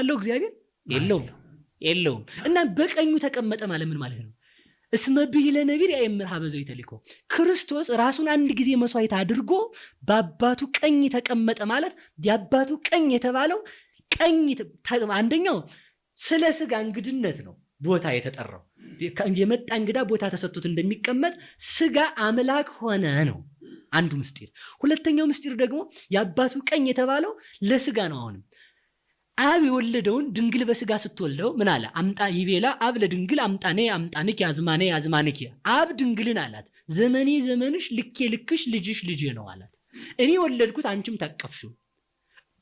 አለው እግዚአብሔር የለውም የለውም። እና በቀኙ ተቀመጠ ማለት ምን ማለት ነው? እስመብህ ለነቢር የአይምር ሀበዘው የተልኮ ክርስቶስ ራሱን አንድ ጊዜ መስዋዕት አድርጎ በአባቱ ቀኝ ተቀመጠ ማለት የአባቱ ቀኝ የተባለው ቀኝ አንደኛው ስለ ስጋ እንግድነት ነው ቦታ የተጠራው የመጣ እንግዳ ቦታ ተሰጥቶት እንደሚቀመጥ ስጋ አምላክ ሆነ ነው አንዱ ምስጢር። ሁለተኛው ምስጢር ደግሞ የአባቱ ቀኝ የተባለው ለስጋ ነው። አሁንም አብ የወለደውን ድንግል በስጋ ስትወልደው ምን አለ? አምጣ ይቤላ አብ ለድንግል አምጣኔ አምጣንኪ አዝማኔ አዝማንኪ። አብ ድንግልን አላት፣ ዘመኔ ዘመንሽ፣ ልኬ ልክሽ፣ ልጅሽ ልጄ ነው አላት። እኔ ወለድኩት፣ አንቺም ታቀፍሹ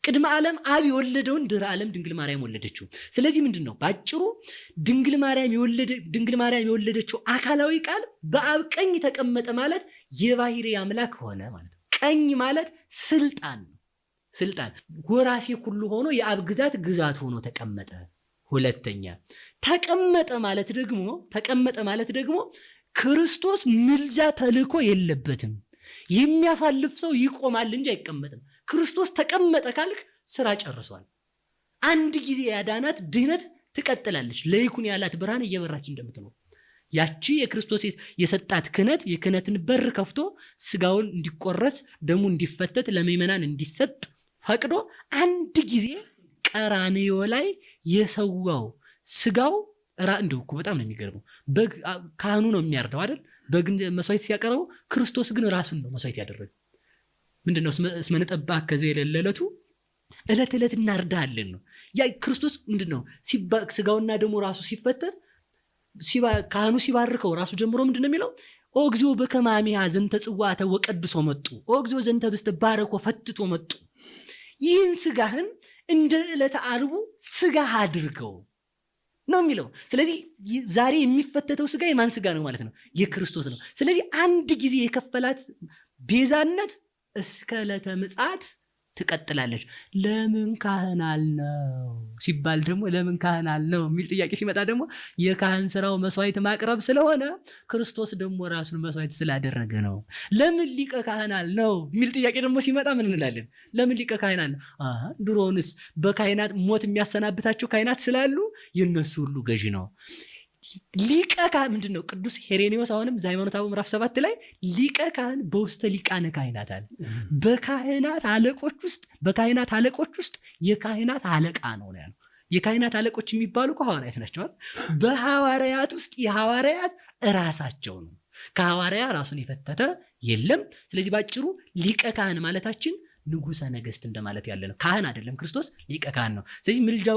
ቅድመ ዓለም አብ የወለደውን ድረ ዓለም ድንግል ማርያም ወለደችው። ስለዚህ ምንድን ነው በአጭሩ ድንግል ማርያም የወለደችው አካላዊ ቃል በአብ ቀኝ ተቀመጠ ማለት የባህሪ አምላክ ሆነ ማለት ቀኝ ማለት ስልጣን ነው። ስልጣን ወራሴ ሁሉ ሆኖ የአብ ግዛት ግዛት ሆኖ ተቀመጠ። ሁለተኛ ተቀመጠ ማለት ደግሞ ተቀመጠ ማለት ደግሞ ክርስቶስ ምልጃ ተልእኮ የለበትም። የሚያሳልፍ ሰው ይቆማል እንጂ አይቀመጥም። ክርስቶስ ተቀመጠ ካልክ ስራ ጨርሷል። አንድ ጊዜ ያዳናት ድህነት ትቀጥላለች። ለይኩን ያላት ብርሃን እየበራች እንደምትኖር ያቺ የክርስቶስ የሰጣት ክነት የክነትን በር ከፍቶ ስጋውን እንዲቆረስ ደሙ እንዲፈተት ለመመናን እንዲሰጥ ፈቅዶ አንድ ጊዜ ቀራንዮ ላይ የሰዋው ስጋው እንዲሁ እኮ በጣም ነው የሚገርመው። በግ ካህኑ ነው የሚያርደው አይደል? በግ መስዋዕት ሲያቀርበው ክርስቶስ ግን ራሱን ነው መስዋዕት ያደረግ ምንድን ነው ስመነጠባ ከዚህ የሌለለቱ እለት እለት እናርዳለን ነው ያ ክርስቶስ ምንድን ነው ስጋውና ደግሞ ራሱ ሲፈተት ካህኑ ሲባርከው ራሱ ጀምሮ ምንድን ነው የሚለው ኦ እግዚኦ በከማሚያ ዘንተ ጽዋተ ወቀድሶ መጡ ኦ እግዚኦ ዘንተ ብስተ ባረኮ ፈትቶ መጡ ይህን ስጋህን እንደ ዕለተ አርቡ ስጋህ አድርገው ነው የሚለው። ስለዚህ ዛሬ የሚፈተተው ስጋ የማን ስጋ ነው ማለት ነው? የክርስቶስ ነው። ስለዚህ አንድ ጊዜ የከፈላት ቤዛነት እስከ ዕለተ ትቀጥላለች። ለምን ካህን አልነው ሲባል ደግሞ ለምን ካህን አልነው የሚል ጥያቄ ሲመጣ ደግሞ የካህን ስራው መስዋዕት ማቅረብ ስለሆነ ክርስቶስ ደግሞ ራሱን መስዋዕት ስላደረገ ነው። ለምን ሊቀ ካህን አልነው የሚል ጥያቄ ደግሞ ሲመጣ ምን እንላለን? ለምን ሊቀ ካህን አልነው? ድሮንስ በካህናት ሞት የሚያሰናብታቸው ካህናት ስላሉ የነሱ ሁሉ ገዢ ነው። ሊቀ ካህን ምንድን ነው? ቅዱስ ሄሬኔዎስ አሁንም ዘሃይማኖተ አበው ምራፍ ሰባት ላይ ሊቀ ካህን በውስተ ሊቃነ ካህናት አለ። በካህናት አለቆች ውስጥ በካህናት አለቆች ውስጥ የካህናት አለቃ ነው ነው ያለው። የካህናት አለቆች የሚባሉ ከሐዋርያት ናቸዋል። በሐዋርያት ውስጥ የሐዋርያት እራሳቸው ነው። ከሐዋርያ ራሱን የፈተተ የለም። ስለዚህ ባጭሩ ሊቀ ካህን ማለታችን ንጉሰ ነገስት እንደማለት ያለ ነው። ካህን አይደለም፣ ክርስቶስ ሊቀ ካህን ነው። ስለዚህ ምልጃ